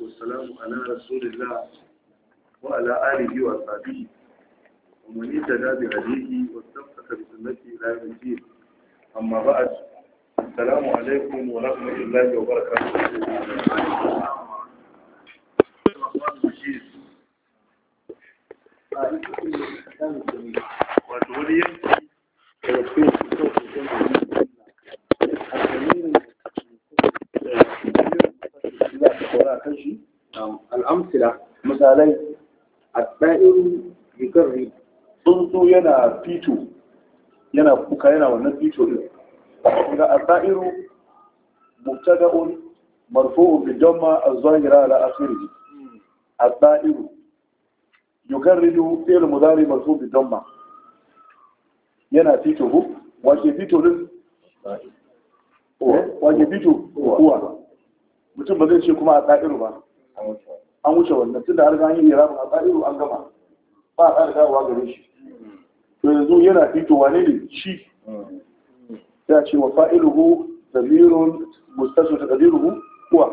والسلام على رسول الله وعلى آله وصحبه ومن اهتدى بهديه واستمسك بسنته إلى يوم الدين أما بعد السلام عليكم ورحمة الله وبركاته magana kan shi al'amsila misalai a ɗa'iru sun tsuntsu yana fito yana kuka yana wannan fito ɗin ga a ɗa'iru mubtada'un marfu'un bi damma az-zahira ala akhirih الطائر يكرر فعل مضارع مرفوع بالضمه yana fito wace fito din wace fito kuwa mutum ba zai ce kuma a tsa'iru ba an wuce wannan tun da har gani ya rabu a tsa'iru an gama ba a tsara dawowa gare shi to yanzu yana fito wane ne shi hmm. ya ce wa fa'iluhu zamirun mustasu ta kadiruhu kuwa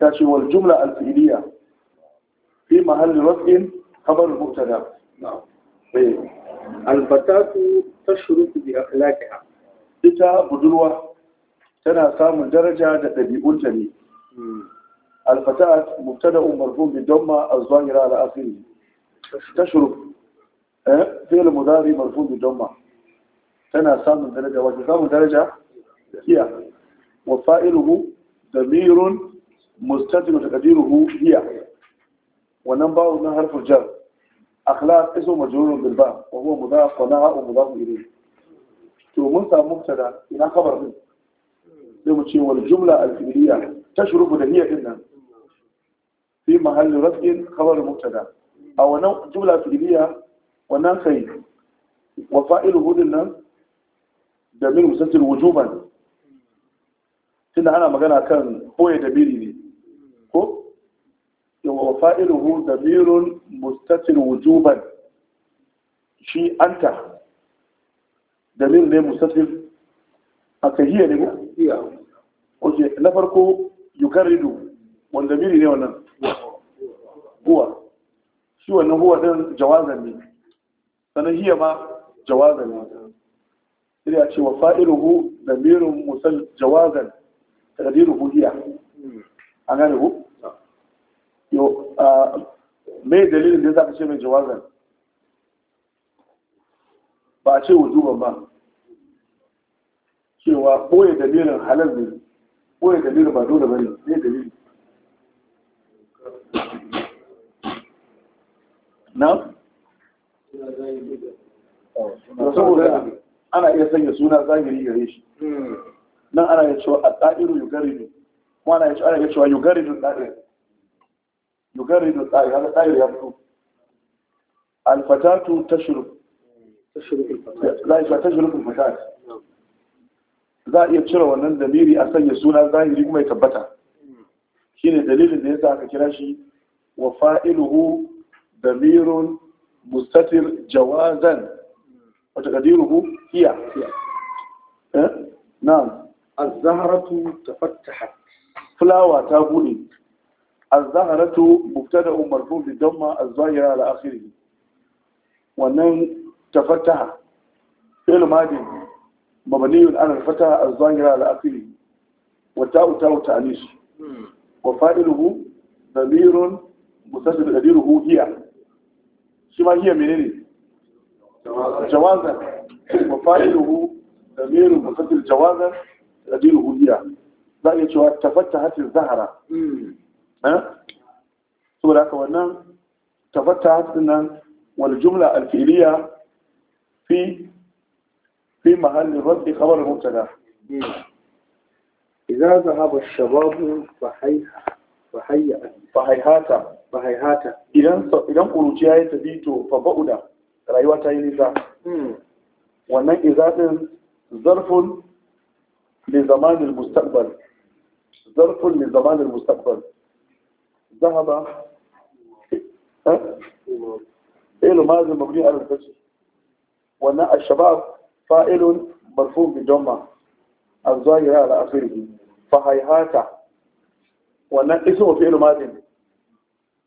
ya ce wal jumla al-fi'liya fi mahalli rafin khabar mu'tada eh. al-batatu tashruku bi akhlaqiha ita budurwa tana samun daraja da ɗabi'unta ne alfata'at mubtada'un marfun bi damma az-zahira ala akhiri tashrub eh fi'l mudari marfun bi damma tana samun daraja wace samun daraja hiya wa fa'iluhu damirun mustatilu taqdiruhu hiya wannan bawo na harfin jar akhlaq isu majrurun bil ba wa huwa mudaf wa na'a mudaf ilayhi to mun samu mubtada ina khabar din sai mu ce wani jumla alfi'liya tashrubu da hiya din nan fi mahallin raf'in kawar mutada a wannan jumla alfiliya wannan kai wa fa'iluhu hudun nan da min musaffir wujuban tunda ana magana kan koya da biri ne ko yawa wa fa'iluhu da birun mustatir wujuban shi anta da min ne musaffir a tahiyya ne ko? iya oke na farko yukaridu wanda miri ne wannan huwa shi wannan huwa don jawazan ne sanar hiya ma jawazan ne iri a ce wa fa'iluhu da mirin musal jawazan taqdiruhu hiya hmm. A gani ku? yo mai dalilin da ya zaka ce mai jawazan ba a ce wujuban ba cewa ɓoye dalilin halal ne ɓoye dalilin ba dole ba ne ne dalilin, na? saboda ana iya sanya suna zahiri gare shi nan ana iya cewa a ɗa'iru ne, kuma ana iya cewa yugaridu ɗa'ir yugaridu ɗa'ir haka ɗa'ir ya fito alfatatu tashuru tashuru alfatatu za a iya cire wannan dalili a sanya suna zahiri kuma ya tabbata Shi ne dalilin da yasa aka kira shi wa fa'iluhu damirun mustatir jawazan wa taqdiruhu iya. eh na'am az ta fattaha. fulawa ta bude az-zahratu da marfu' bi damma az-zahira ala akhirih wannan tafattaha fi'l madin مبني على الفتح الظاهر على آخره والتاء تاء تأنيث وفائله ضمير متصل قديره هي شما هي منين جوازا وفائله ضمير متصل جوازا قديره هي za شو تفتحت cewa tafatta hatin zahara saboda haka wannan tafatta hatin nan في محل الرد خبر المبتدا إذا ذهب الشباب فحي فحي فحيهاتا فحيهاتا إذا إذا قرجيا يتبيتو فبعدا رأيوا تاينيزا wannan izadin zarfin لزمان المستقبل ظرف لزمان المستقبل ذهب إيه لو ما ذهب مبني على الفجر وأن الشباب fa'ilun marfu bi damma az-zahira ala akhirih fa hayhata wannan ismu fi'il madin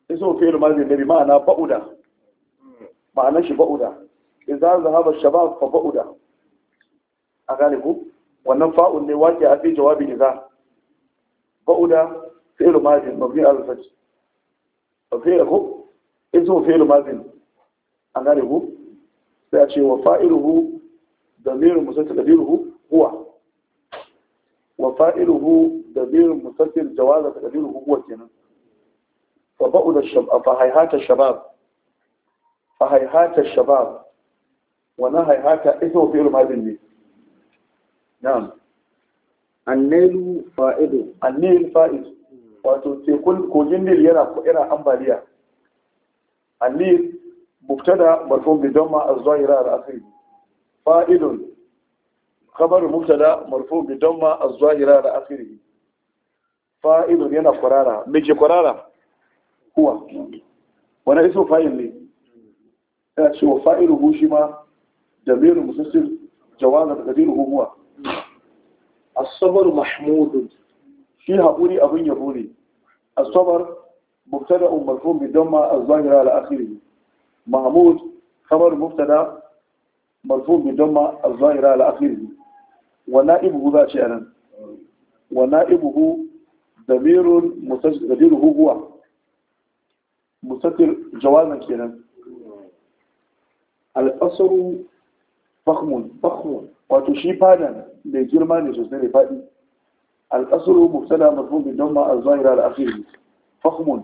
ismu fi'il madin ne bi ma'ana ba'uda ma'anar ba'uda idza zahaba ash-shabab ba'uda a gane ku wannan fa'un ne wake a fi jawabi idza ba'uda fi'il madin mabni al-fath fi'il ku ismu fi'il madin a gane ku sai a ce wa fa'iluhu ضمير المسلسل تقديره هو وفائله ضمير المسلسل جوازة تقديره هو كنا فبعد الشباب فهيهات الشباب فهيهات الشباب ونهيهات هيهات اسم فعل ما بيني نعم النيل فائد النيل فائد wato tekun kogin nil yana yana ambaliya annil mubtada marfun bi damma az-zahira al-akhir fa'idun خبر مبتدا مرفوع بضمه الظاهره على اخره فاعل هنا قرارة ميجي قرارة هو وانا اسم فاعل لي انا شو فاعل هو شما ضمير مسلسل جواز قدير هو الصبر محمود في هبوني ابن يبوني الصبر مبتدا مرفوع بضمه الظاهره على اخره محمود خبر مبتدا مرفوع بالضمة الظاهرة على آخره ونائبه ذا شأنا ونائبه ضمير ضميره هو مستتر جوازا كينا الأصل فخم فخم وتشي فانا بجرمان سوسنين فادي الأصل مبتدا مرفوع بالضمة الظاهرة على آخره فخم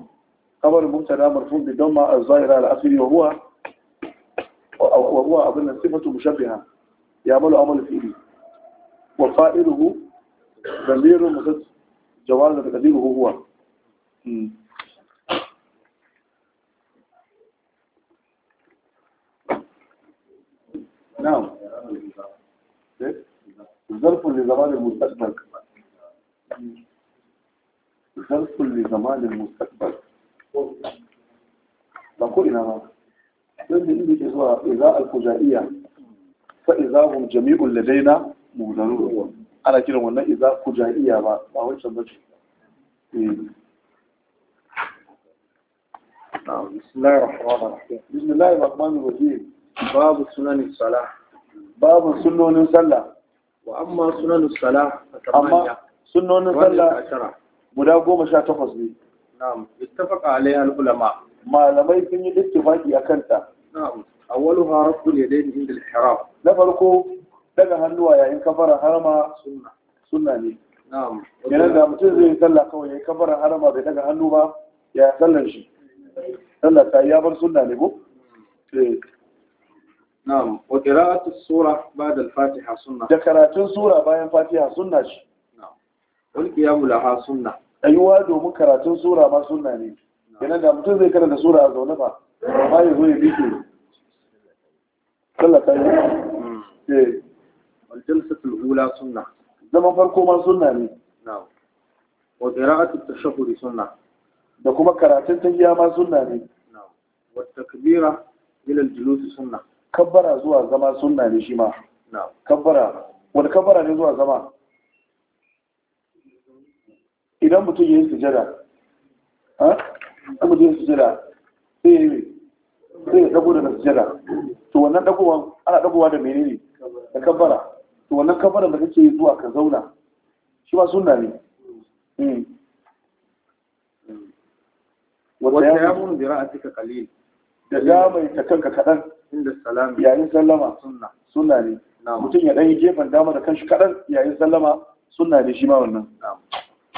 خبر مبتدا مرفوع بالضمة الظاهرة على آخره وهو وهو أظن صفة مشبهة يعمل عمل فيه وفائله ضمير مدد جوال تقديره هو نعم ظرف لزمان المستقبل ظرف لزمان المستقبل ما قلنا don da inda ke zuwa iza al-fujaiya fa iza hum jami'un ladaina muzarun ana kiran wannan iza fujaiya ba ba wancan ba ce بسم الله الرحمن Babu sunanin الله Babu الرحيم Sallah. Wa amma sunanin سنن الصلاة وأما سنن guda goma sha takwas ne. Na'am, ittafaqa alaiha al-ulama. malamai sun yi baki a kanta A awwaluha rabbul yadayn inda al haram. na farko daga hannuwa yayin kafara harama suna. suna ne Yanar da mutum zai yi sallah kawai yayin kafara harama bai daga hannu ba ya sallar shi Sallar ta ya bar suna ne ko mm. eh. na'am wa qira'atu sura ba'da al-fatiha sunna da karatun sura bayan fatiha sunna shi na'am wal qiyamu laha sunna ayuwa domin karatun sura ma sunna ne kenan da mutum zai karanta sura a zaune ba amma ya zo ya bi ke sallata ne eh aljalsatul hula sunna zaman farko ma sunna ne na'am wa qira'atu tashahhud sunna da kuma karatun ta tahiyya ma sunna ne na'am wa takbira ila aljulus sunna kabbara zuwa zama sunna ne shi ma na'am kabbara wani kabbara ne zuwa zama idan mutum ya yi sujada in mutum ya sujada sai ya yi sai ya dago daga sujada to wannan dagowa ana dagowa da menene da kabbara to wannan kabbaran da kake zuwa ka zauna shi ma sunna ne hmm. Wata ya mun bi ra'atika qalil da ya mai ta kanka kadan inda salami yayin sallama sunna sunna ne mutum ya dan yi gefen dama da kanshi kadan yayin sallama sunna ne shi ma wannan na'am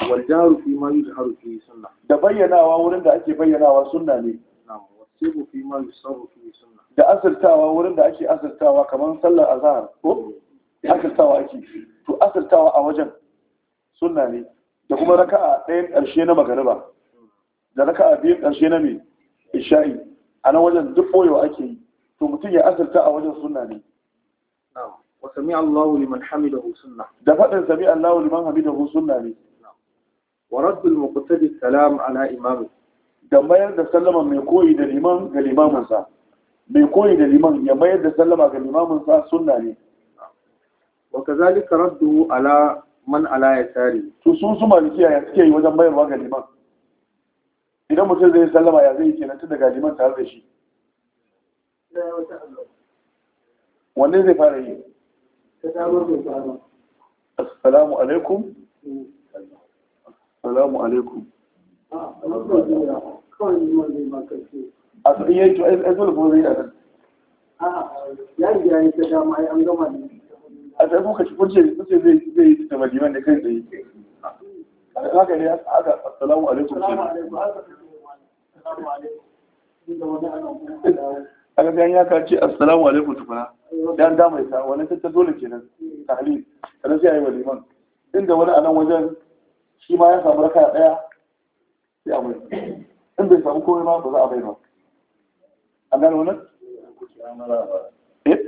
wal jaru fi ma yuzharu fi sunna da bayyanawa wurin da ake bayyanawa sunna ne na'am wasibu ma yusabu fi sunna da asirtawa wurin da ake asirtawa kamar sallar azhar ko mm. asirtawa ake to asirtawa a wajen sunna ne da kuma raka'a ɗayan ƙarshe na magariba da raka'a biyun ƙarshe na mai isha'i a nan wajen duk boyewa ake yi to mutum ya asirta a wajen sunna ne wa sami Allahu liman hamidahu da faɗin sami ne wa raddul muqtadi salam ala imami da da sallama mai koyi da liman ga limamin sa mai koyi da liman ya mayar da sallama ga limamin sunna ne wa kazalika raddu ala man ala yasari to sun su malikiya ya suke yi wajen bayarwa ga liman idan mutum zai sallama ya zai kenan tun daga liman tare da shi wanne zai fara yi assalamu alaikum mm. salamu alaikum a ah, tsakin yayi to ai dole kuma zai yana ya yi ya yi ta dama ai an gama ne a sai kuka ci kunce kunce zai zai yi ta madiman da kai tsaye haka ne haka assalamu alaikum a ga ya ka ce assalamu alaikum tukuna dan damaita wani ta dole kenan eh. tahlil kana sai ayi waliman inda wani a nan wajen shi ma ya samu raka ɗaya sai a mai in bai samu komai ma ba za a bai ba an gano wannan eh?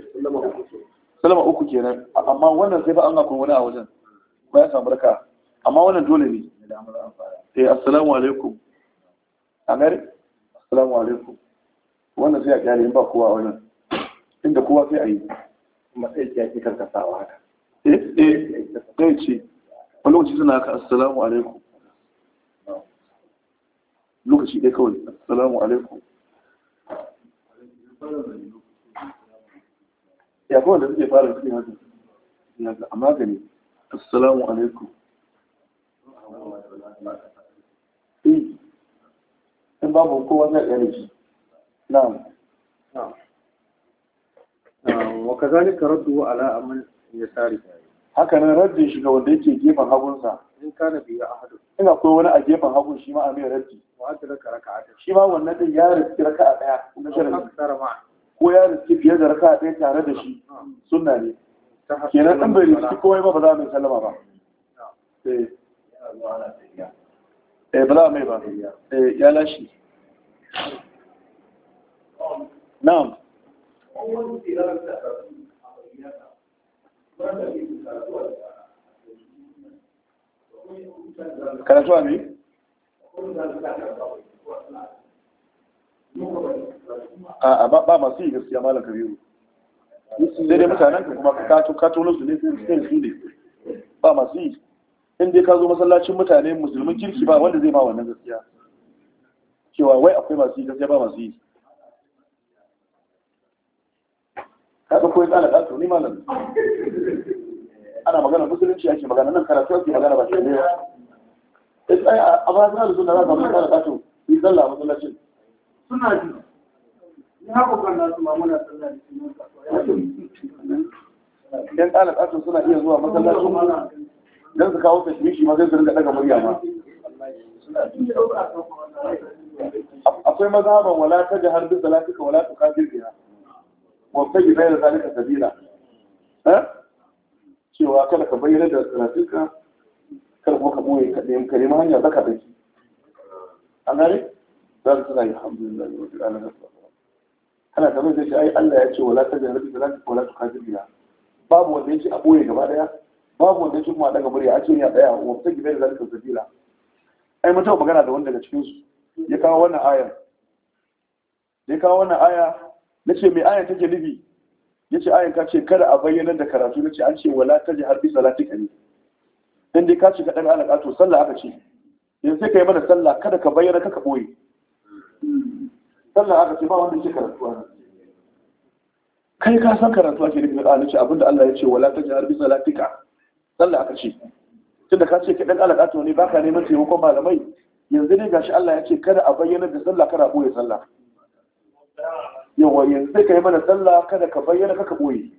salama uku kenan amma wannan sai ba an akwai wani a wajen ba ya samu raka amma wannan dole ne eh assalamu alaikum a gari assalamu alaikum wannan sai a kyale ba kowa a wannan inda kowa sai a yi matsayi ya ke karkasawa haka eh eh zai ce lokaci suna ka assalamu alaikum lokaci ɗaya kawai assalamu alaikum ya kawai da suke fara suke haka ya ga amma gani assalamu alaikum eh, in babu kowa zai ɗaya shi na'am وكذلك رده على أمن يساري haka nan raddin shi ga wanda yake gefen hagunsa in kana biya ahadu in akwai wani a gefen hagun shi ma a mai raddi wa ta raka raka'a shi ma wannan din ya riski raka'a daya na sharadi ko ya riski fiye da raka'a daya tare da shi ah. sunna ne kenan din bai riski kowai ba ba za mu sallama ba ah. eh. eh ba za mai ba eh ya lashi na'am karatu a a ba masu yi gaskiya malam kabiru sai dai mutanen ka kuma kato kato nasu ne sai su ne ba masu yi in dai ka zo masallacin mutane musulmin kirki ba wanda zai ba wannan gaskiya cewa wai akwai masu yi gaskiya ba masu yi kaga ko ya tsala ka ni malam ana magana musulunci ake magana nan karatu ake magana ba shi ne ba a ba suna da suna za ka mun tsala ka su yi sallah masallacin suna ji ni hako kan nasu ma muna sallah yan tsala ka suna iya zuwa masallacin dan su kawo tashmishi ma sai su rinka daga murya ma akwai mazhaban wala tajhar bi salatika wala tukafir biya wabbai da zalika sabila cewa kada ka bayyana da tsarafinka kada kuma ka boye ka nemi kalima hanya zaka da shi an gane za su tana yi alhamdulillah wa ta'ala na kana kamar da shi ai Allah ya ce wala tajin da zalika wala tukajin biya babu wanda yake a boye gaba daya babu wanda yake kuma daga murya a ce ya tsaya wabbai da zalika sabila ai mutum magana da wanda daga cikin su ya kawo wannan aya ya kawo wannan aya na ce mai ayan take nufi ya ce ayan ka ce kada a bayyanar da karatu na ce an ce wala ta ji harbi salati kare dan dai ka ce ka dan alaƙa to sallah aka ce yanzu sai ka yi mana sallah kada ka bayyana ka ka ɓoye sallah aka ce ba wanda ke karatu kai ka san karatu ake nufi na ce abinda Allah ya ce wala ta ji salati salatika sallah aka ce tunda ka ce ka dan alaƙa to ne baka neman taimakon malamai yanzu ne gashi Allah ya ce kada a bayyana da sallah kada a ɓoye sallah yawa yanzu zai ka yi mana sallah kada ka bayyana kaka ɓoye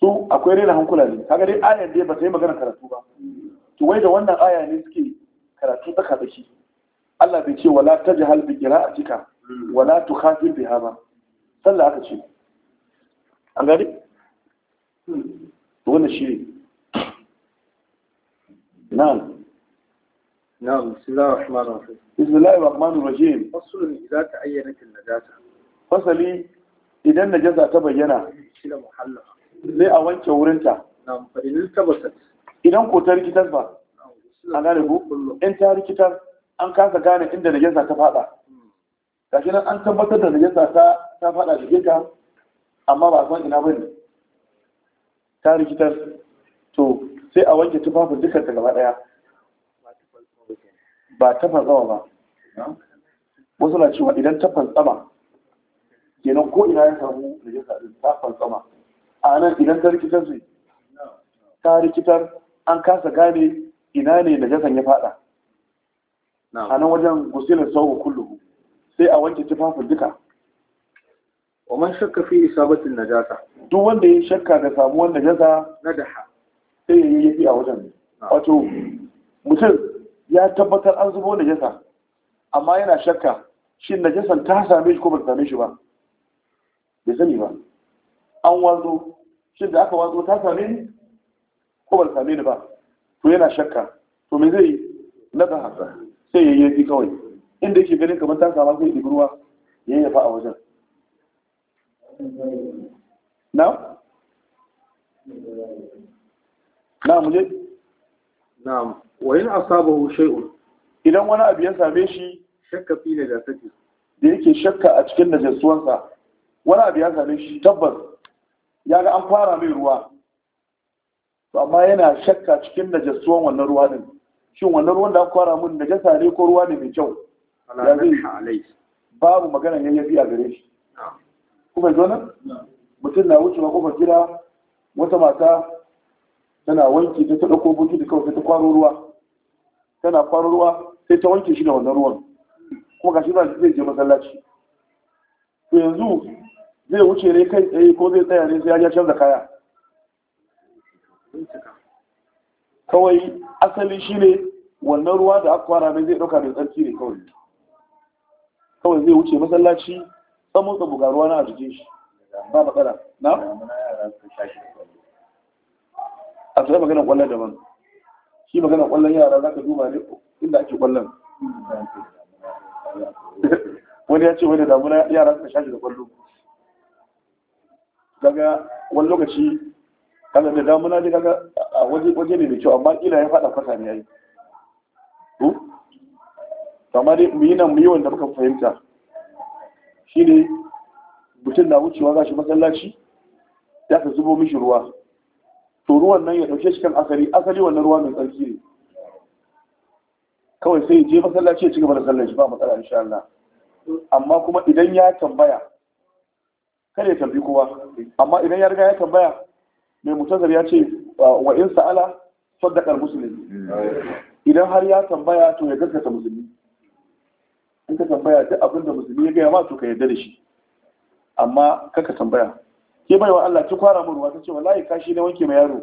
su akwai rena hankula ne kaga dai ayar da ba ta yi magana karatu ba to wai da wannan aya ne suke karatu tsaka da shi Allah bai ce wala ta tajhal bi qira'atika wala kafin biha ba sallah aka ce an gani wannan shi ne na'am نعم بسم الله الرحمن الرحيم بسم الله الرحمن الرحيم فصل إذا تعينت النجاسة إذا النجاسة تبينا إلى محلها نعم فإن التبست idan ko ta rikitar ba a gane ku in ta rikitar an kasa gane inda najasa ta fada gashi nan an tabbatar da najasa ta ta fada jikin ka amma ba san ina bane ta rikitar to sai a wanke tufafin dukkan gaba ɗaya. ba ta fasawa ba wasu na cewa idan ta fantsama kenan ko ina ya samu da ya ta fantsama a nan idan ta rikitar su ta rikitar an kasa gane ina ne da jasan ya fada a nan wajen gusilin sauwa kullum, sai a wanke tufafin duka wa man shakka fi isabatin najasa duk wanda ya shakka da samuwar najasa nadaha sai ya yi yafi a wajen wato mutum ya tabbatar an zubo najasa amma yana shakka shin najasan ta same shi ko ba same shi ba bai sani ba an wazo shin da aka wazo ta same ni ko ba same ni ba to yana shakka to me zai na da haka sai ya yi kawai inda yake ganin kamar ta sama sai ɗibi yayi ya yafa a wajen na? na muje? na wa in asabahu shay'un idan wani abu ya same shi shakka fi da jasati da yake shakka a cikin najasuwansa wani abu ya same shi tabbas ya ga an fara mai ruwa to amma yana shakka cikin najasuwan wannan ruwa din shin wannan ruwan da aka fara mun najasa ne ko ruwa ne mai kyau babu magana yayyafi a gare shi kuma jonan mutum na wucewa ko gida wata mata tana wanki ta ta ɗauko da kawai ta kwaro ruwa tana kwaro ruwa sai ta wanke shi da wannan ruwan kuma shi ba zai je masallaci to yanzu zai wuce ne kai tsaye ko zai tsaya ne sai ya canza kaya kawai asali shi ne wannan ruwa da aka kwara mai zai ɗauka mai tsarki ne kawai kawai zai wuce masallaci tsamun tsabu ga ruwa na ajiye shi ba matsala na? a tsaye maganin kwallon daban shi magana kwallon yara za ka duba ne inda ake kwallon wani ya ce wani damuna yara suka shashi da kwallo daga wani lokaci kada da damuna ne kaga a waje ne mai kyau amma ina ya faɗa fata ne yayi amma dai mu yi nan mu yi wanda muka fahimta shi ne mutum na wucewa za shi masallaci ya ka zubo mishi ruwa ruwan nan ya dauke cikin asali asali wannan ruwa mai tsarki ne kawai sai je masallaci ya ci gaba da sallar shi ba matsala insha Allah amma kuma idan ya tambaya kada ya tambi kowa amma idan ya riga ya tambaya mai mutazar ya ce wa in sa'ala saddaqal muslim idan har ya tambaya to ya gaskata musulmi in ka tambaya duk abin da musulmi ya gaya ma to ka yarda da shi amma kaka tambaya ke baiwa Allah ki kwara mu ruwa ce wallahi kashi ne wanke mai yaro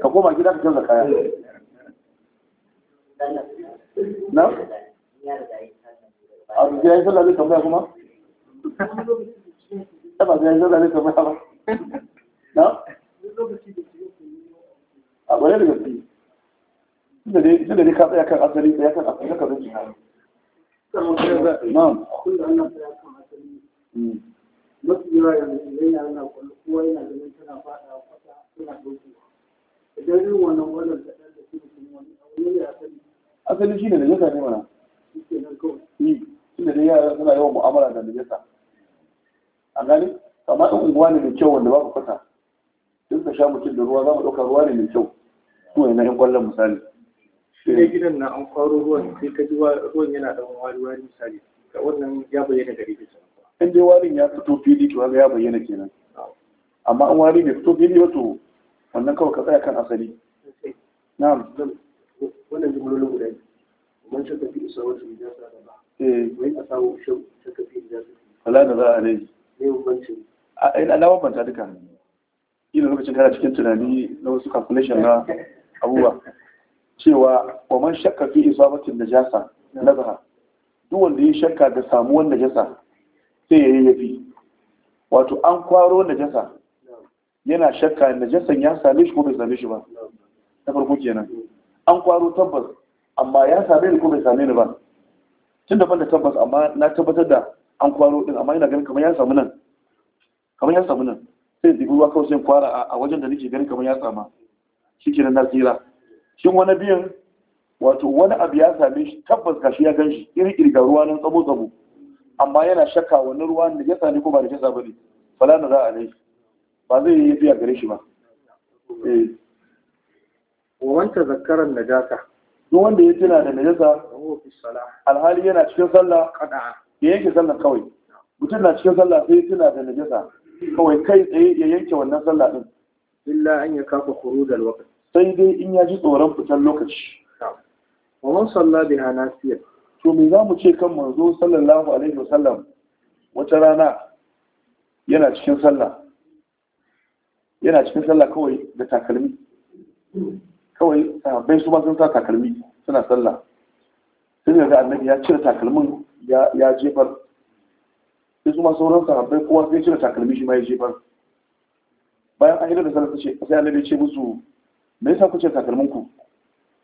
ka koma gida ka canza kaya na a ya yi sallah zai tambaya kuma ta ba gida yi sallah zai tambaya ba na a bare da gaske tunda dai tunda dai ka tsaya kan asali tsaya kan asali ka zai jihar na hmm. mafi yawa yanzu idan yara na kwallo kowa yana ganin tana faɗa kwata tana ɗaukewa idan irin wannan wannan ta ɗan da shi mutum wani abu ne asali asali shi ne da jasa ne mana shi ke nan kawai shi eh, ne da yara suna yawan mu'amala da najasa a gani amma ɗan unguwa ne mai kyau wanda babu kwata duk da sha mutum da ruwa za mu ɗauka ruwa ne mai kyau su ne na ƴan ƙwallon misali shi ne gidan na an kwaro ruwan sai ka ji ruwan yana ɗan wari wari misali ga wannan ya bayyana gari bisa in dai warin ya fito fili to ya bayyana kenan amma an wari bai fito fili wato wannan kawai ka tsaya kan asali na'am wannan jumlolin guda ne man shakka fi isa wata ijasa da ba eh wai a samu shakka fi ijasa wala da za a ne ne bambancin a ina eh, na banta duka ina lokacin kana cikin tunani na wasu calculation na abubuwa cewa wa man shakka fi isabatin najasa zaha. duk wanda ya shakka ga samuwar najasa sai ya yafi. wato an kwaro najasa yana shakka najasan ya same shi ko bai same shi ba ta farko kenan an kwaro tabbas amma ya same ni ko bai same ni ba tun da banda tabbas amma na tabbatar da an kwaro din amma ina ganin kamar ya samu nan kamar ya samu nan sai dubu ruwa kawai sai kwara a wajen da nake ganin kamar ya Shi shikenan na tsira shin wani biyan wato wani abu ya same shi tabbas gashi ya gan shi iri iri ga ruwa nan tsabo tsabo amma yana shakka wani ruwa da ya ne ko ba da jasa ba ne fala na za a ne ba zai yi biya gare shi ba eh. wawan ta zakarar najasa duk wanda ya tuna da najasa alhali yana cikin sallah ya yanke sallah kawai mutum na cikin sallah sai ya tuna da najasa kawai kai tsaye ya yanke wannan sallah din illa an ya kafa khurujal waqt sai dai in ya ji tsoron fitar lokaci wawan sallah biha nasiyat to me za mu ce kan manzo sallallahu alaihi wasallam wata rana yana cikin sallah yana cikin sallah kawai da takalmi kawai sahabbai su ba sun sa takalmi suna sallah sai ga annabi ya cire takalmin ya jefar sai su ma sauran sahabbai kowa sai cire takalmi shi ma ya jefar bayan an hidar da sallah ce sai annabi ya ce musu me yasa ku cire ku?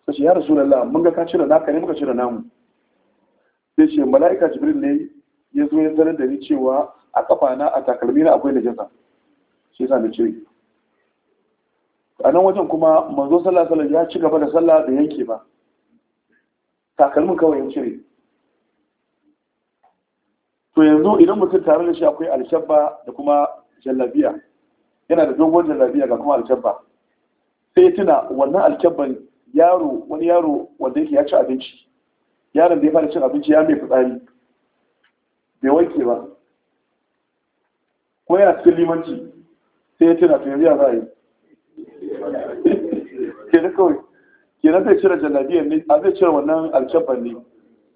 sai ya rasulullah mun ga ka cire naka ne muka cire namu sai ce mala'ika jibril ne ya zo ya sanar da ni cewa a kafa na a takalmi na akwai najasa shi yasa na cire a nan wajen kuma manzo sallah sallah ya ci gaba da sallah da yanke ba takalmin kawai ya cire to yanzu idan mutum tare da shi akwai alshabba da kuma jallabiya yana da dogon jallabiya ga kuma alshabba sai tuna wannan alkyabban yaro wani yaro wanda yake ya ci abinci yaron da ya fara cin abinci ya mai fitsari bai wanke ba ko yana cikin limanci sai ya tuna to yanzu ya za a yi da kawai kenan zai cire jallabiya ne a zai cire wannan alkyabban ne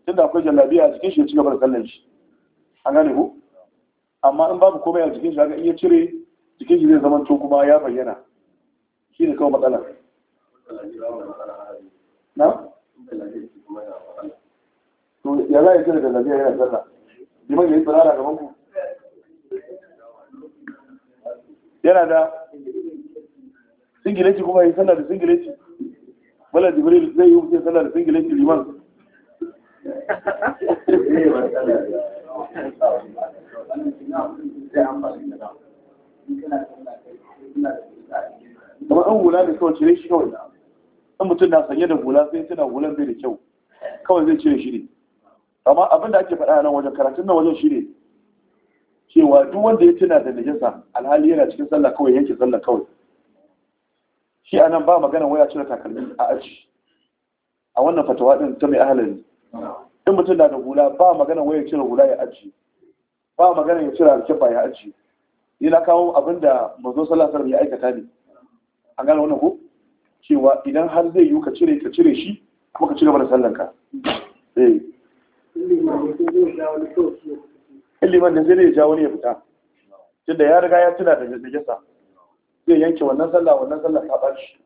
inda akwai jallabiya a cikin shi ya ci gaba da kallon shi an gane ku amma in babu komai a jikin shi haka iya cire jikin shi zai zama to kuma ya bayyana shi ne kawai matsala na? to ya za ya kira da zabiya yana sallah liman ya yi tsirara gaban ku yana da singileci kuma yi sallah da singileci wala jibril zai yi wuce sallah da singileci liman Kuma an hula da kawai cire shi kawai an mutum na sanye da hula sai tana hulan bai da kyau kawai zai cire shi ne amma abin da ake faɗa nan wajen karatun nan wajen shine cewa duk wanda ya tuna da najasa alhali yana cikin sallah kawai yake sallah kawai shi a nan ba magana waya cire takalmi a aji a wannan fatawa din ta mai ahalari in mutum na da hula ba magana waya cire hula ya aji ba magana ya cire alkifa ya aji yana kawo abin da mazo sallah ya aikata ne an gane wannan ko cewa idan har zai yi ka cire ka cire shi kuma ka cire mana sallanka eh in liman da zai jawo ne ya fita tunda ya riga ya tuna da najasa zai yanke wannan sallah wannan sallah ta shi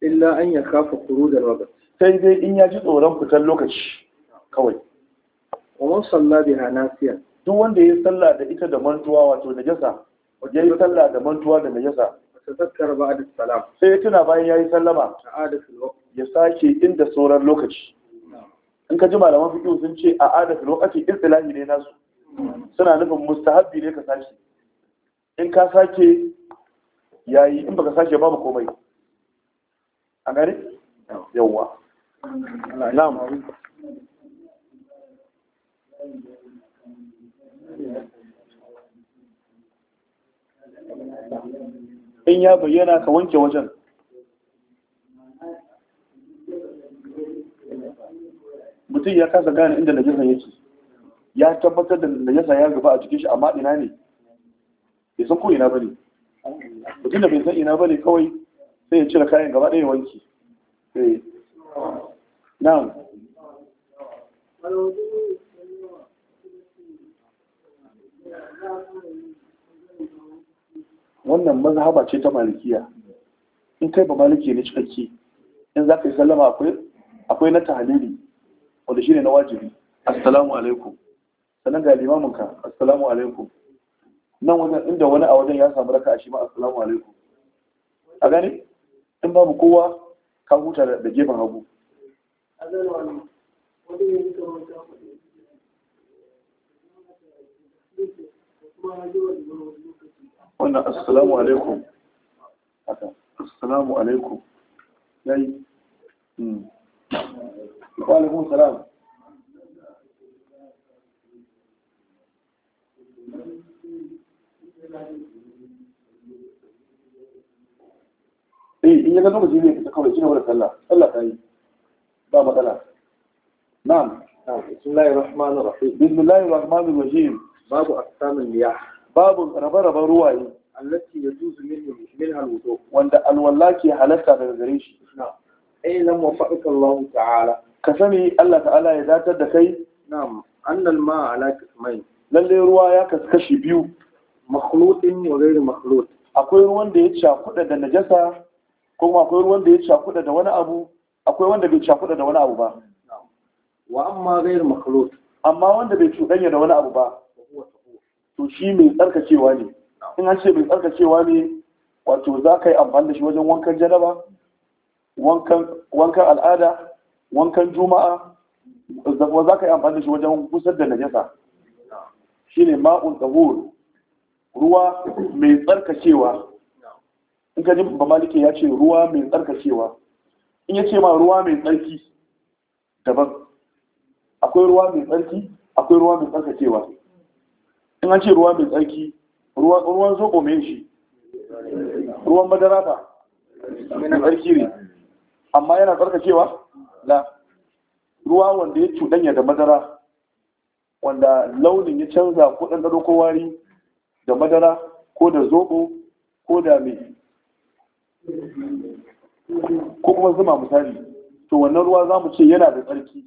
illa an ya kafa kuru da rabat sai dai in ya ji tsoron fitar lokaci kawai wa salla na nasiya duk wanda ya salla da ita da mantuwa wato najasa ya yi salla da mantuwa da najasa tazakkar ba'da salam sai ya tuna bayan ya yi sallama ya sake inda sauran lokaci in ka ji malaman fiqh sun ce a adatul lokaci istilahi ne nasu suna nufin mustahabbi ne ka sashi in ka sake yayi in baka sake babu komai a gare yawwa na'am in ya bayyana ka wanke wajen mutum ya kasa gane inda najasa yake ya tabbatar da najasa ya gaba a cikin shi amma ina ne bai san ko ina bane mutum da bai san ina bane kawai sai ya cire kayan gaba ɗaya wanki eh. na'am wannan mazhaba ce ta malikiya in kai ba maliki ne cikakke in za ka yi sallama akwai na tahalili wanda ne na wajibi assalamu alaikum sannan ga limamin ka assalamu alaikum nan wajen inda wani a wajen ya samu raka a shi ma assalamu alaikum a gani in babu kowa ka huta da gefen hagu wannan assalamu alaikum assalamu alaikum yayi hmm. وعليكم السلام إيه إيه نعم نعم بسم الله الرحمن الرحيم بسم الله الرحمن الرحيم باب أقسام المياه باب ربا ربا رواي التي يجوز منه منها الوضوء وعند الولاكي حلسة من الغريش نعم ilam wa faɗaka Allah ta'ala ka sani Allah ta'ala ya datar da kai na'am annal ma alaƙi mai lalle ruwa ya kaskashi biyu makhlutin wa ghairi makhlut akwai ruwan da ya cakuɗa da najasa kuma akwai ruwan da ya cakuɗa da wani abu akwai wanda bai cakuɗa da wani abu ba wa amma ghairi makhlut amma wanda bai cuɗanya da wani abu ba to shi mai tsarkakewa ne in an ce mai tsarkakewa ne wato za ka yi amfani da shi wajen wankan janaba wankan al'ada wankan juma'a wa za ka yi amfani da shi wajen gusar da najasa shi ne ma'un tsahur ruwa mai tsarkakewa in ka ji ba ya ce ruwa mai tsarkakewa in ya ce ma ruwa mai tsarki daban akwai ruwa mai tsarki akwai ruwa mai tsarkakewa in an ce ruwa mai tsarki ruwan zoɓo mai shi ruwan madara ba mai tsarki ne amma yana tsarkakewa la ruwa wanda ya cuɗanya da madara wanda launin ya canza ko ɗanɗano ko wari da madara ko da zobo ko da mai ko kuma zuma misali to wannan ruwa za mu ce yana da tsarki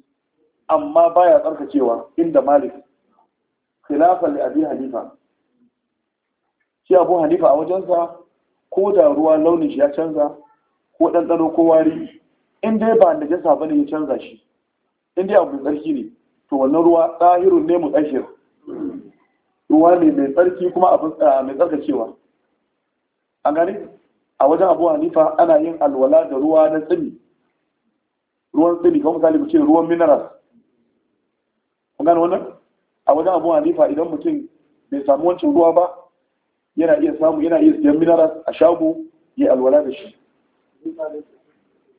amma baya tsarkakewa inda malik khilafa li abi hanifa shi abu hanifa a wajensa ko da ruwa launin shi ya canza ko ɗanɗano ko wari in dai ba ne ya canza shi in dai abu tsarki ne to wannan ruwa tsahirun ne mu tsashir ruwa ne mai tsarki kuma abin mai tsarkacewa a gani a wajen abu hanifa ana yin alwala da ruwa na tsini ruwan tsini kuma misali ku ce ruwan minerals A gane wannan a wajen abu hanifa idan mutum bai samu wancan ruwa ba yana iya samu yana iya siyan minerals a shago ya alwala da shi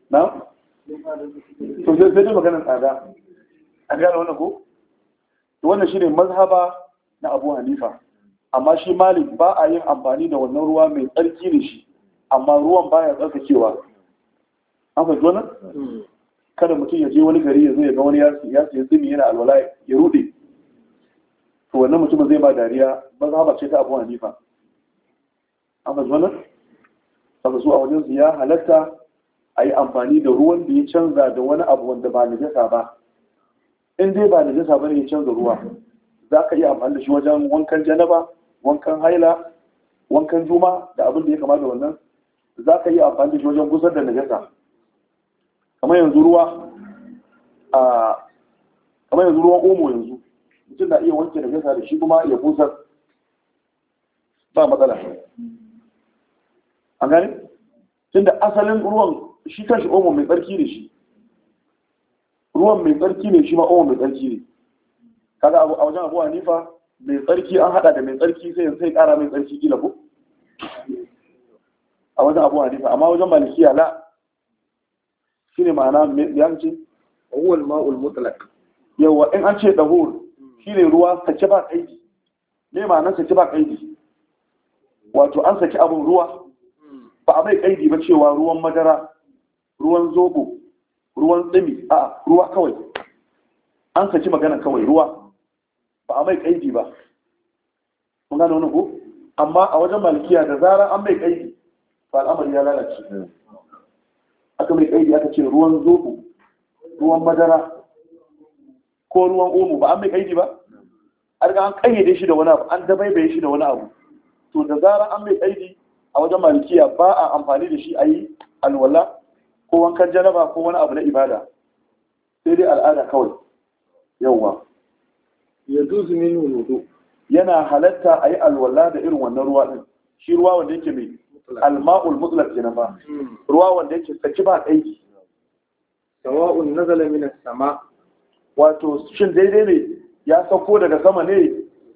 na to sai dai maganar tsada an gane wannan ko wannan shine mazhaba na Abu Hanifa amma shi Malik ba a yin amfani da wannan ruwa mai tsarki ne shi amma ruwan baya tsarkakewa an fahimci wannan kada mutum ya je wani gari ya zo ya ga wani yasi yasi ya zumi yana alwala ya rude to wannan mutum zai ba dariya mazhaba ce ta Abu Hanifa an fahimci wannan su a wajen su ya halatta a yi amfani da ruwan da ya canza da wani abu wanda ba jasa ba in dai ba jasa ba ne ya canza ruwa za ka yi amfani da shi wajen wankan janaba wankan haila wankan juma da abin da ya kama da wannan za ka yi amfani da shi wajen gusar da najasa kamar yanzu ruwa a kamar yanzu ruwan omo yanzu mutum na iya wanke najasa da shi kuma ya gusar ba matsala an gani tunda asalin ruwan shi kanshi omo mai tsarki ne shi ruwan mai tsarki ne shi ma omo mai tsarki ne kaga a wajen abu hanifa mai tsarki an hada da mai tsarki sai sai kara mai tsarki kila ko a wajen abu hanifa amma wajen malikiya la shi ne ma'ana mai ce awwal ma'ul mutlaq yawa in an ce dahur hmm. shine ruwa sace ba kaidi me ma'anar sace ba kaidi wato an saki abun ruwa hmm. ba a mai kaidi ba cewa ruwan madara ruwan zobo ruwan tsimi a ruwa kawai an kaci magana kawai ruwa ba a mai kaidi ba kun gano wani ko amma a wajen malikiya da zarar an mai kaidi ba al'amari ya lalace aka mai kaidi aka ce ruwan zobo ruwan madara ko ruwan omo ba an mai kaidi ba an ga an kayyade shi da wani abu an dabaibaye shi da wani abu to da zarar an mai kaidi a wajen malikiya ba a amfani da shi a yi alwala ko wankan jaraba ko wani abu na ibada sai dai al'ada kawai yauwa ya duzu min wudu yana halatta a yi alwala da irin wannan ruwa din shi ruwa wanda yake mai alma'ul mutlaq kenan ba hmm. ruwa wanda yake saki ba aiki sawa'un nazala min as-sama wato shin daidai ne ya sauko daga sama ne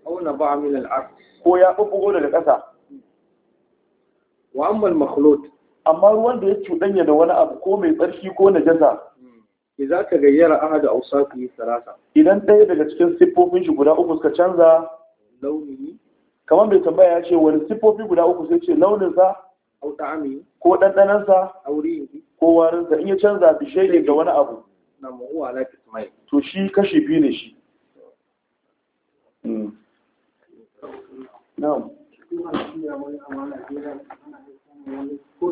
aw na ba min al-ard ko ya bubbugo daga ƙasa wa amma al-makhlut amma ruwan da ya cuɗanya da wani abu ko mai tsarki ko na jaza. najasa za ka gayyara ku yi salasa idan ɗaya daga cikin siffofin shi guda uku suka canza launi kamar mai tambaya ya ce wani siffofi guda uku sai ce launin sa au ta'ami ko dandanan sa auri ko warin sa in ya canza bi ne ga wani abu na mu ala kismai to shi kashi biyu ne shi hmm. na'am ko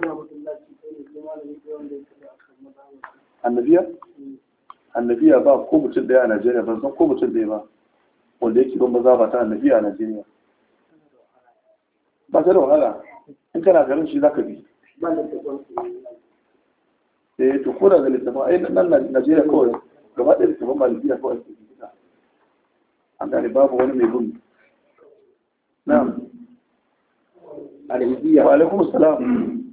annabiya mm. annabiya ba ko mutum daya a Najeriya ban san ko mutum daya ba wanda yake ban mazhaba ta annabiya a Najeriya ba ta da wahala in kana garin shi za ka bi eh to ko da littafin ai nan Najeriya kawai gaba ɗaya littafin malikiya kawai ake bi an gane babu wani mai bin na'am al-hijiyya wa alaikum assalam mm.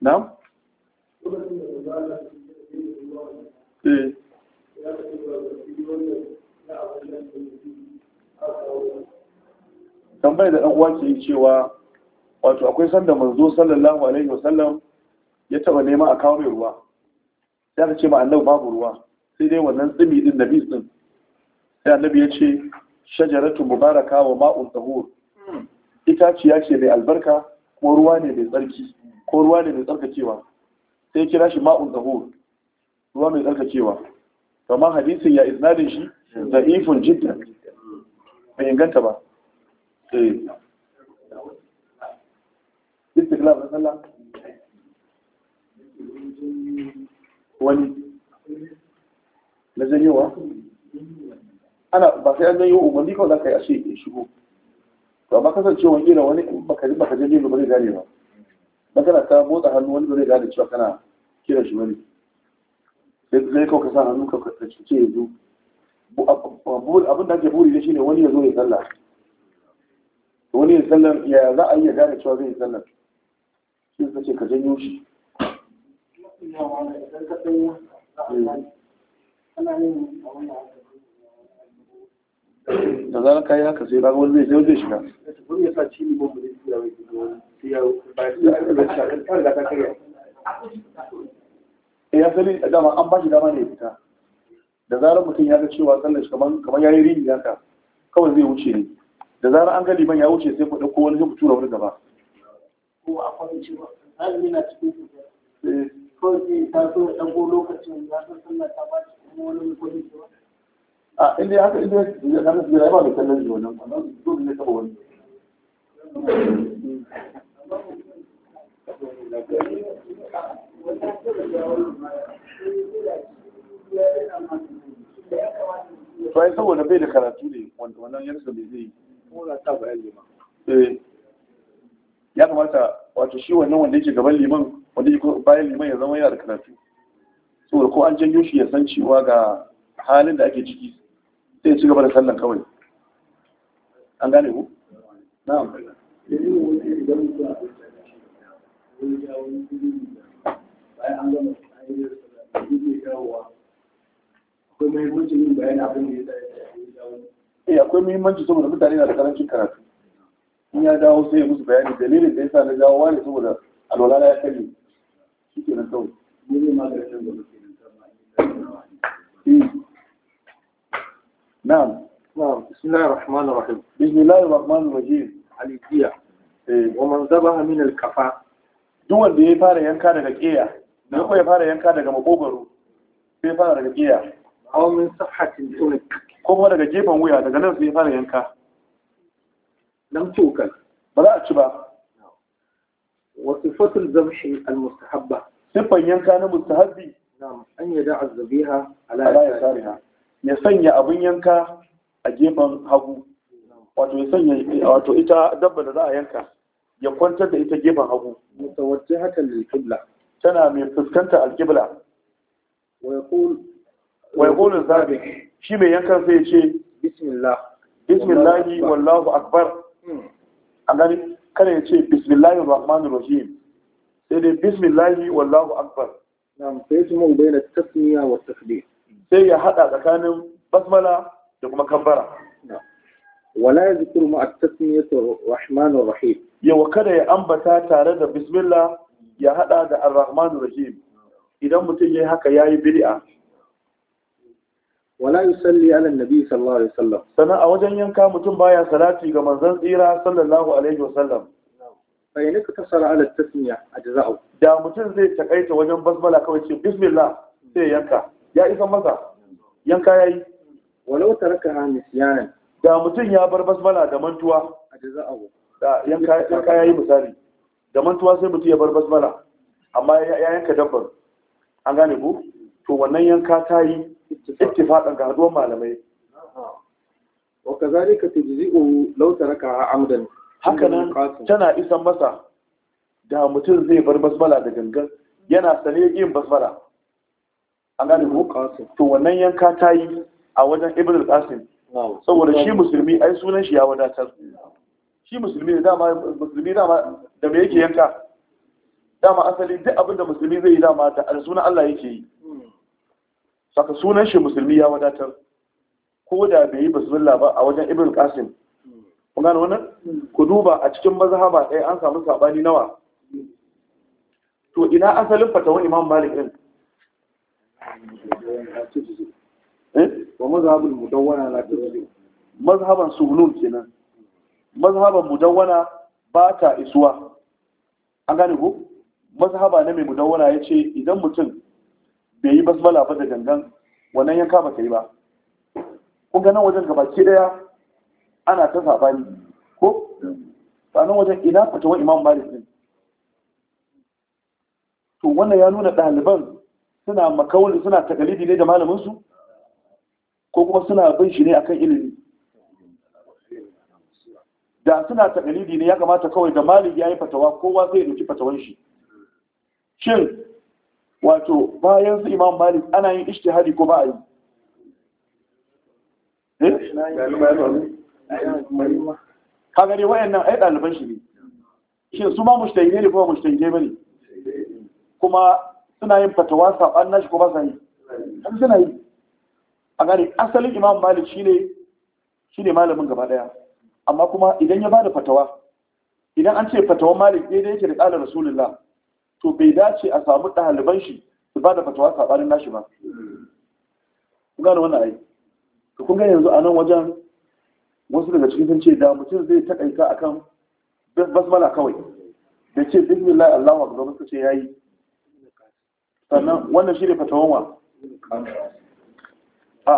Na'am? Eh. Tambaya da ɗan uwa ke cewa wato akwai sanda manzo sallallahu alaihi wasallam ya taba nema a kawo mai ruwa. Ya ka ce ma annabi babu ruwa. Sai dai wannan tsimi din nabis din. sai annabi ya ce shajaratu mubaraka wa ma'un tahur itaciya ce mai albarka ko ruwa ne mai tsarki ko ruwa ne mai tsarkakewa sai kira shi ma'un tahur ruwa mai tsarkakewa kamar hadisin ya iznadin shi da ifin jidda mai inganta ba eh. istiklal na wani na janyowa ana ba sai an yi umarni kawai za ka yi a ce ya shigo to amma wani irin wani in baka ji baka jini ba zai gane ba ba kana ta motsa hannu wani ba zai gane cewa kana kiran shi bane sai kawai ka sa hannu ka ce ya zo abin da ake buri da ne wani ya zo ya sallah wani ya sallar ya za a iya gane cewa zai yi sallar shi ka ce ka janyo shi idan ka sanya ana yin da zarar kayi haka sai kaga wani zai zai shiga wani ya sa ci ya ya ka da ya sani eh, dama an ba shi dama ne fita da zarar mutum ya ga cewa sallar kamar ya yi rini haka kawai zai wuce ne da zarar an ga ya wuce sai ku dauko wani sai ku wani gaba ko akwai cewa hali na cikin ku eh. kawai sai ta so lokacin ya san sallar ta ba shi wani mutum ne a inda haka inda ya kana jira ba mai kallon jiwa nan amma dole ne taba wani Bai saboda bai da karatu ne wanda wannan yanzu da zai yi. Ya kamata wato shi wannan wanda yake gaban liman wanda yake bayan liman ya zama yana da karatu. Saboda ko an janyo shi ya san cewa ga halin da ake ciki sai ci gaba da sallan kawai an gane ku na'am Eh akwai muhimmanci saboda mutane na da karancin karatu. In ya dawo sai ya musu bayani dalilin da ya sa na dawo wani saboda alwala ya kalli. Shi ke nan kawai. نعم نعم بسم الله الرحمن الرحيم بسم الله الرحمن الرحيم الحليقية ومن ذبح من الكفا دول ya fara yanka daga kiya ne ko ya fara yanka daga makogaro sai fara daga kiya aw min sahhatin unik ko kuma daga gefen wuya daga nan sai fara yanka lam tukal ba za a ci ba wa sifatul dhabhi al mustahabba sifan yanka na mustahabbi na'am an yada az-zabiha ala ya yasariha ya sanya abin yanka a gefen hagu wato ya sanya wato ita dabba da za a yanka ya kwantar da ita gefen hagu mutawajjih haka ne kibla tana mai fuskanta al qibla wa yaqul wa yaqul shi mai yankan sai ya ce bismillah bismillah wallahu akbar hmm. A gani kada ya ce bismillahir rahmanir rahim sai dai bismillah wallahu akbar na'am sai ya mu bayyana tasmiya wa tasbih sai ya hada tsakanin basmala da kuma kambara. wala ya zikuru ma at-tasmiyatu rahmanur rahim yawa kada ya ambata tare da bismillah ya hada da ar-rahmanur rahim idan mutum yayi haka ya yi bid'a wala salli ala nabi sallallahu alaihi wasallam sana a wajen yanka mutum baya salati ga manzon tsira sallallahu alaihi wasallam bai ne ka tasara ala tasmiya a jaza'u da mutum zai takaita wajen basmala kawai ce bismillah sai yanka ya isa masa yanka wani wata raka hannu nisyanan da mutum ya bar basmala da mantuwa a jaza'u da yanka ya yi misali da mantuwa sai mutum ya bar basmala amma ya yanka dabbar an gane ku to wannan yanka ta yi ittifaqan ga haɗuwar malamai wa kazalika tujzi'u law taraka amdan haka nan tana isan masa da mutum zai bar basmala da gangan yana sane yin basmala an gane ko to wannan yanka ta yi a wajen ibn al-qasim saboda shi musulmi ai sunan shi ya wadatar shi musulmi dama musulmi dama da me yake yanka dama asali duk abin da musulmi zai yi dama da sunan Allah yake yi hmm. saka sunan shi musulmi ya wadatar ko da bai yi bismillah ba a wajen ibn qasim hmm. kun gane wannan hmm. ku duba a cikin mazhaba ɗaya an samu sabani nawa to ina asalin fatawan imam malik din Eh? mudawwana la tajzi mazhaban sulul kenan mazhaban mudawwana ba ta isuwa an gane ko mazhaba na mai mudawwana yace idan mutum bai yi basmala ba da gangan wannan yanka ba kai yi ba kun ga nan wajen gabaki daya ana ta sabani ko sanan wajen ina fata wa imam malik din to wannan ya nuna ɗaliban suna makawar suna takalidi ne da malaminsu ko kuma suna bin shi ne akan ilimi da suna takalidi ne ya kamata kawai da malibi ya yi fatawa kowa zai ɗauki fatawan shi shin wato bayan su imam malik ana yin ishtihadi ko ba a yi eh? kaga dai wayannan ai ɗaliban shi ne shin su ma mushtahidai ne kuma mushtahidai ba ne kuma suna yin fatawa saɓan nashi ko ba sa yi kan suna yi a gane asalin imam malik shine shine malamin gaba daya amma kuma idan ya bada fatawa idan an ce fatawan malik da yake da ƙalar rasulullah to bai dace a samu ɗaliban shi su bada fatawa saɓanin nashi ba kun gane wannan ai to kun ga yanzu a nan wajen wasu daga cikin sun ce da mutum zai taƙaita akan basmala kawai da ce bismillah allahu akbar suka ce yayi sannan wannan shi ne wa? a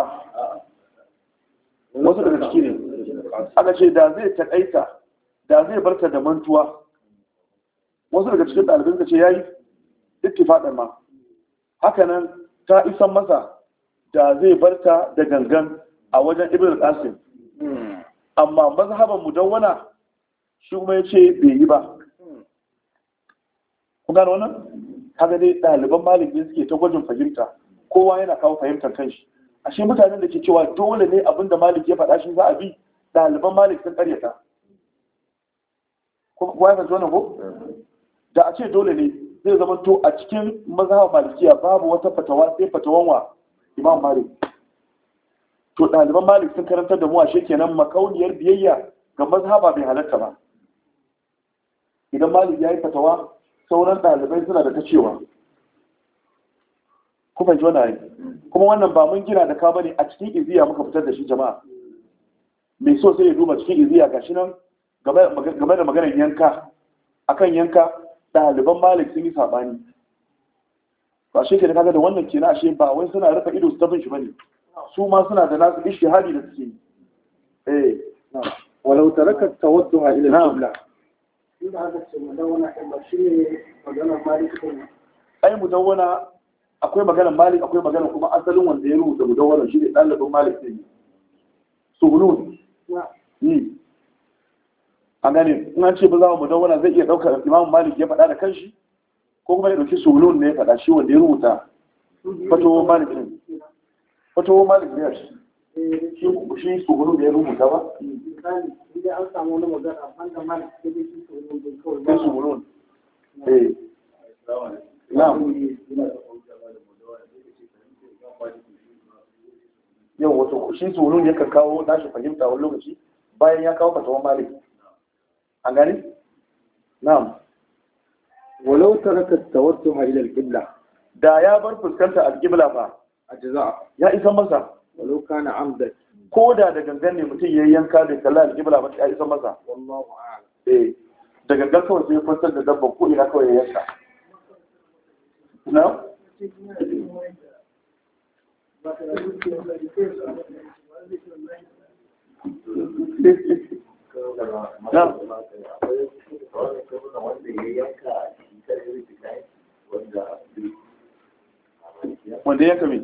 wasu daga ciki ne aka ce da zai taƙaita da zai barta da mantuwa wasu daga cikin ɗalibin ka ce ya yi ittifaɗin ma hakanan ta isan masa da zai barta da gangan a wajen ibn al-qasim amma mazhaban mudawwana shi kuma ya ce bai yi ba kun gano wannan kaga dai ɗaliban malami suke ta gwajin fahimta kowa yana kawo fahimtar kanshi shi mutanen da ke cewa dole ne abin da malik ya faɗa shi za a bi ɗaliban malik sun ƙaryata kuma ya fahimci ko da a ce dole ne zai zama to a cikin mazhabar malikiya babu wata fatawa sai fatawan wa imam malik to ɗaliban malik sun karantar da mu ashe kenan makauniyar biyayya ga mazhaba bai halatta ba idan malik ya yi fatawa sauran ɗalibai suna da ta cewa kuma ji wani kuma wannan ba mun gina da ka bane a cikin iziya muka fitar da shi jama'a mai so sai ya duba cikin iziya gashi nan game da maganar yanka akan yanka ɗaliban malik sun yi saɓani ba shi ke da kaga da wannan na ashe ba wai suna rufe ido su tafi shi bane su ma suna da nasu hadi da suke eh walau tarakat tawadduha ila al-qibla ce ne maganar malik ai mudawwana akwai maganar malik akwai maganar kuma asalin wanda ya rubuta mudawwana shi ne ɗalibin malik ne suhunun a hmm. gane in an ce ba za mu mudawwana zai iya ɗaukar imamu malik ya faɗa da kanshi ko kuma ya ɗauki suhunun ne ya faɗa shi wanda ya rubuta fatowar malik ne Fatowar malik ne ya shi shi tsoro da ya rubuta ba? misali an samu wani magana an da shi da kawai shi eh yau wato shi ya kawo nashi fahimta wani lokaci bayan ya kawo malik an gani na'am walau taraka tawattu ila al-qibla da ya bar fuskanta al-qibla fa ya isa masa walau kana amdan ko da da gangan ne mutum ya yanka da kalla jibla ba ta isa masa wallahu a'lam eh da gangan kawai sai fasar da dabba ko ina kawai ya yanka na wanda ya kame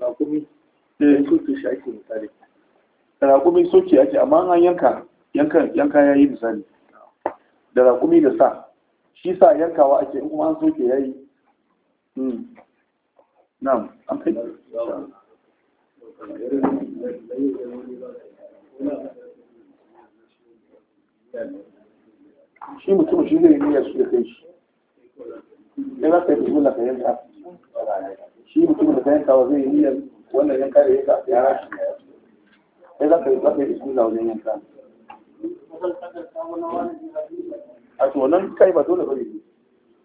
raƙumi eh. soke shi ake raƙumi soke ake amma an yanka yanka ya yi misali da raƙumi da sa shi sa yankawa ake in kuma an soke ya yi hmm. na'am an fi shi mutum shi zai yi niyyar su da kai shi yana za ka yi bismillah ka yanka shi mutum da zai kawo zai yi wannan yanka da ya ya rashi sai za ka yi tsakai da su na wajen yanka a to nan kai ba dole ba ne.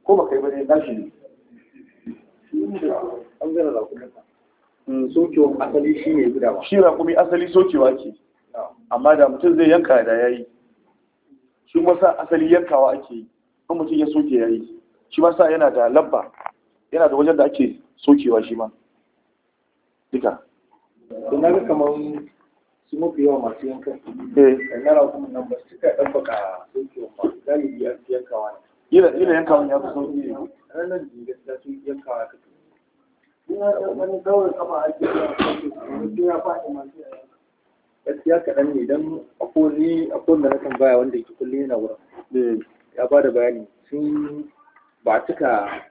ko ba kai bane na shi ne an hmm, sokewa asali shi ne gudawa shi ra kuma asali sokewa ke amma da mutum zai yanka da yayi shi kuma sa asali yankawa ake yi in mutum ya soke yayi shi ma sa yana da labba yana da wajen da ake sokewa shi ma duka na kamar su mafi yawa masu ya eh. na ba su cika ɗan baka sokewa galibi ya yankawa ne ya gaskiya kaɗan ne don akwai akwai na na baya wanda ke kullum yana wurin eh. ya ba da bayani sun ba cika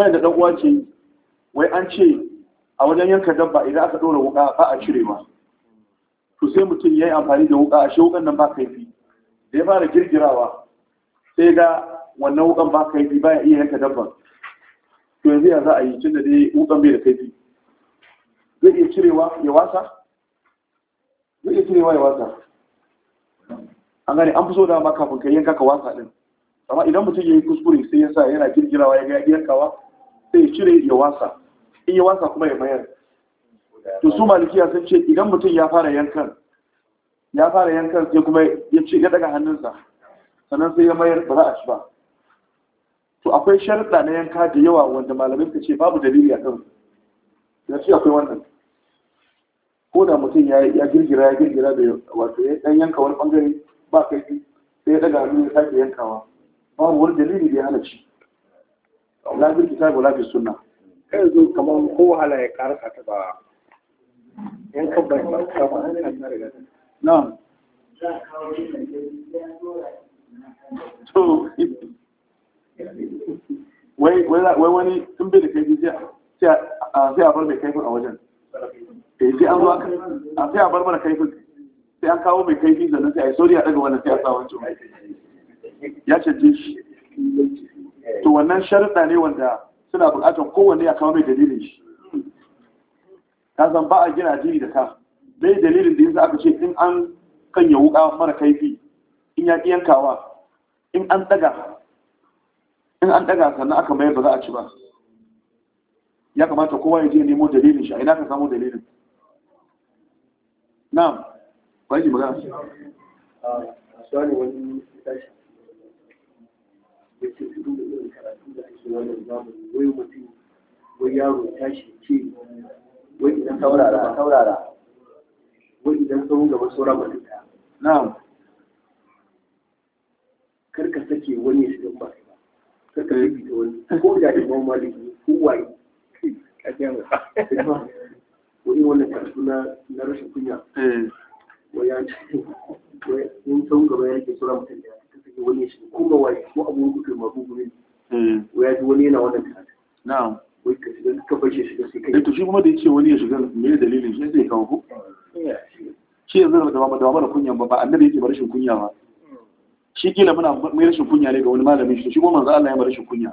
tambayar da ɗan’uwa uwa ce wai an ce a wajen yanka dabba idan aka ɗora wuka ba a ma to sai mutum ya yi amfani da wuka a shi wukan nan ba kaifi da ya fara girgirawa sai ga wannan wukan ba kaifi ba ya iya yanka dabban to yanzu ya za a yi tun da dai wukan bai da kaifi zai iya cirewa ya wasa zai iya cirewa ya wasa an gane an fi so ma kafin kai yanka ka wasa din amma idan mutum ya yi kuskure sai ya sa yana girgirawa ya ga yankawa sai cire ya wasa in ya wasa kuma ya mayar to su malikiya sun ce idan mutum ya fara yankan ya fara yankan sai kuma ya ce ya daga hannunsa sannan sai ya mayar ba za a ci ba to akwai sharuɗa na yanka da yawa wanda malamin suka ce babu dalili a kan da shi akwai wannan ko da mutum ya girgira ya girgira da wato ya dan yanka wani bangare ba kai sai ya daga hannu ya sake yankawa babu wani dalili da ya hana ci la bil kitabi wala bis sunna kai zo kamar ko wahala ya karasa ta ba yan kan bai ba ta ba na'am to wai wani tun bai da kai jiya sai a bar mai kaifin a wajen eh sai an zo a sai a bar mana kaifin sai an kawo mai kaifin sannan sai a yi sori a daga wannan sai a sa wancan ya ce shi to wannan sharuɗa ne wanda suna buƙatar kowanne ya kawo mai dalilin shi ka san ba a gina jini da ka dai dalilin da za a ce in an kan ya wuka mara kaifi in ya yankawa in an ɗaga. in an ɗaga sannan aka mayar ba za a ci ba ya kamata kowa ya je nemo dalilin shi a ina ka samu dalilin Na, ba shi magana ah, a wani tashi ya ce su duba karatu da ake wannan zamani wai mutum wai yaro ce wai idan saurara wai idan gaba kar ka sake wani kar ka wani ko da ne ko waye wannan karatu na rashin kunya wai ya ce wai in sauran gaba ya ke tsoron mutum ya sai wani ya shiga ko ba waye ko abu ku kai mabu gurin ko eh. ya ji wani yana wannan karatu na'am wai ka shiga ka bar shi sai kai eh, to shi kuma da yake wani ya shiga me dalilin shi zai kawo ko shi yanzu da ba da ba kunyan ba ba annabi yake bar rashin kunya ba shi kila muna mai rashin kunya ne ga wani malamin shi shi kuma manzo Allah ya bar rashin kunya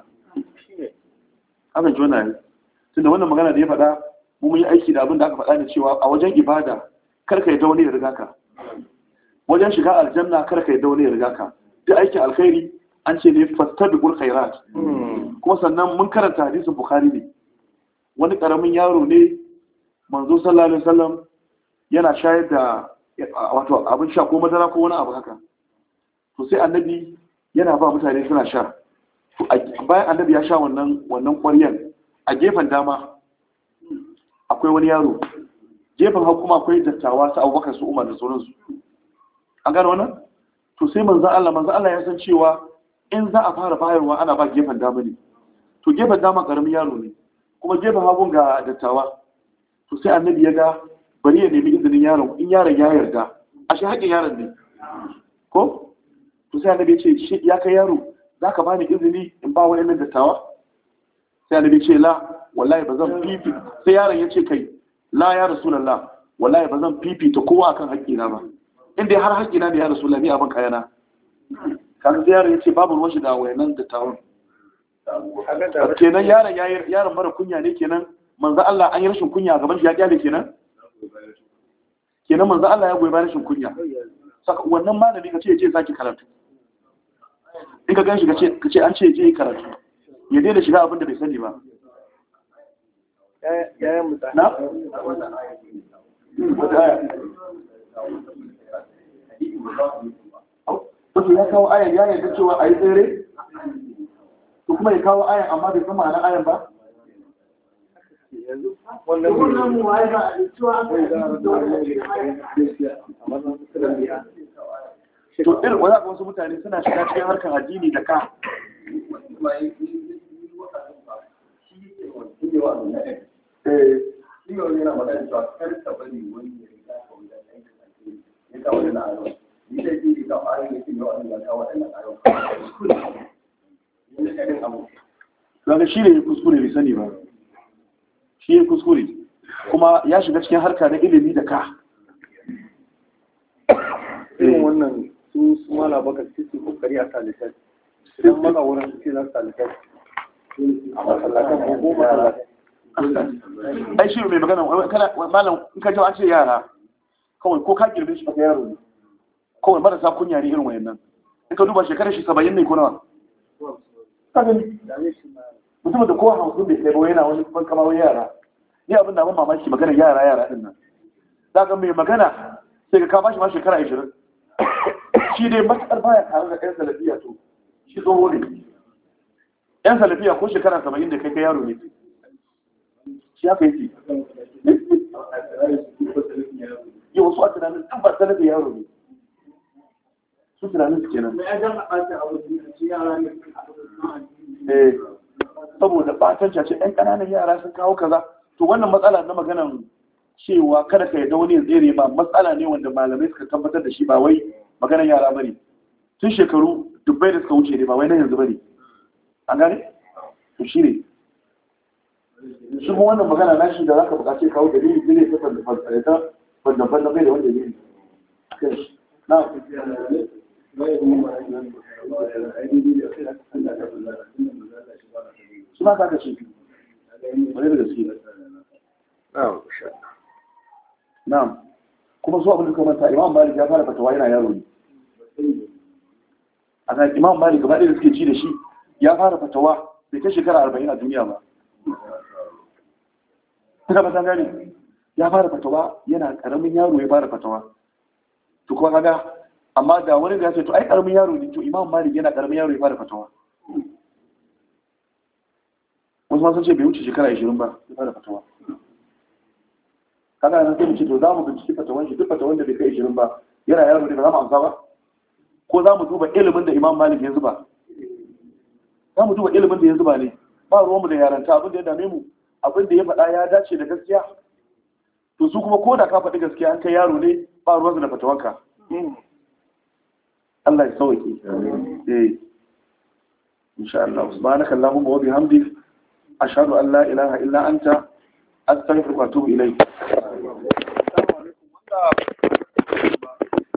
haka ji wannan tunda wannan magana da ya faɗa mu mun yi aiki da abin da aka faɗa ne cewa a wajen ibada kar ka yi daune ya riga ka wajen shiga aljanna kar ka yi daune ya riga ka da aikin alkhairi an ce ne fastabiqul khairat hmm. kuma sannan mun karanta hadisin bukhari ne wani karamin yaro ne manzo sallallahu alaihi wasallam yana shayar da wato abin sha ko madara ko wani abu haka to sai annabi yana ba mutane suna sha to bayan annabi ya sha wannan wannan ƙwaryan a gefen dama akwai wani yaro gefen hau kuma akwai dattawa su abubakar su umar da sauransu an gano wannan to sai manzan Allah manzan Allah ya san cewa in za a fara bayarwa ana ba gefen dama ne to gefen dama karamin yaro ne kuma gefen hagun ga dattawa to sai annabi ya ga bari ya nemi izinin yaron in yaron ya yarda a shi haƙin yaron ne ko to sai annabi ya ce ya kai yaro za ka bani izini in ba wani nan dattawa sai annabi ya ce la wallahi ba zan fifi sai yaron ya ce kai la ya rasulallah wallahi ba zan ta kowa akan haƙƙina ba inda har haƙina ne ya rasu lami abin kayana kan ziyarar ya ce babu ruwan shi da wayanan da A kenan yaron yaron mara kunya ne kenan manzan Allah an yi rashin kunya a gaban shi ya kyale kenan kenan manzan Allah ya goyi bayan rashin kunya saka wannan malami ka ce je zaki karatu in ka ganshi ka ce an ce je karatu ya daina shiga abin da bai sani ba na? hadisin wato ya kawo ayan ya yarda cewa a yi tsere to kuma ya kawo ayan amma bai san na ayan ba wannan to irin wani wasu mutane suna shiga cikin harkar addini da ka Eh, shi yana magana cewa kar ka wani ita waɗannan ayoyi ni da ji ita ayoyi ne cikin waɗannan ta waɗannan ayoyi ne kaɗin abu daga shi ne kuskure bai sani ba shi ne kuskure kuma ya shiga cikin harka na ilimi da ka irin wannan su su mala baka cikin kokari a talibai idan maka wurin su ce za su talibai a masallatan ko goma ai shi mai magana malam in ka an ce yara kawai ko ka girbe shi baka yaro ne kawai marasa kunya ne irin wayannan in ka duba shekarar shi saba'in ne ko nawa mutum da kowa hausu da ke ba yana wani kuma kama wani yara ni abin da ban mamaki magana yara yara din nan za ka mai magana sai ka kama shi ma shekara ashirin shi dai matuƙar baya tare da 'yan salafiya to shi tsoho ne 'yan salafiya ko shekara saba'in da kai ka yaro ne shi haka yake yau su a tunanin duk ba sanar da yaro ne su tunanin su kenan eh saboda batan cace ɗan ƙananan yara sun kawo kaza to wannan matsala na maganan cewa kada ka yarda wani ya tsere ba matsala ne wanda malamai suka tabbatar da shi ba wai maganan yara bane tun shekaru dubbai da suka wuce ne ba wai na yanzu bane an gane to shi ne shi kuma wannan magana na shi da za ka buƙaci kawo dalili ne ta fanta wannan ballon bai da wanda ne na suna ka kashe shi? wani da gaske na kuma su abin da kamanta imam malik ya fara fatawa yana yaro ne a kan imam malik gaba ɗaya da suke ci da shi ya fara fatawa bai ta shekara arba'in a duniya ba. Tuna ba ta gani? ya fara fatawa yana karamin yaro ya fara fatawa to kuma kaga amma da wani da ya ce to ai karamin yaro ne to imam malik yana karamin yaro ya fara fatawa wasu ma sun ce bai wuce shekara 20 ba ya fara fatawa kaga na sai mu ce to za mu binciki fatawan shi duk fatawan da bai kai 20 ba yana yaro ne ba za mu amsa ba ko za mu duba ilimin da imam malik ya zuba za mu duba ilimin da ya zuba ne ba ruwanmu da yaranta abin da ya dame mu abin da ya faɗa ya dace da gaskiya to su kuma ko da ka faɗi gaskiya an kai yaro ne ba ruwan su da fatawanka hmm. Allah ya sauke eh insha Allah subhanaka allahumma wa bihamdik ashhadu an la ilaha illa anta astaghfiruka wa atubu ilayk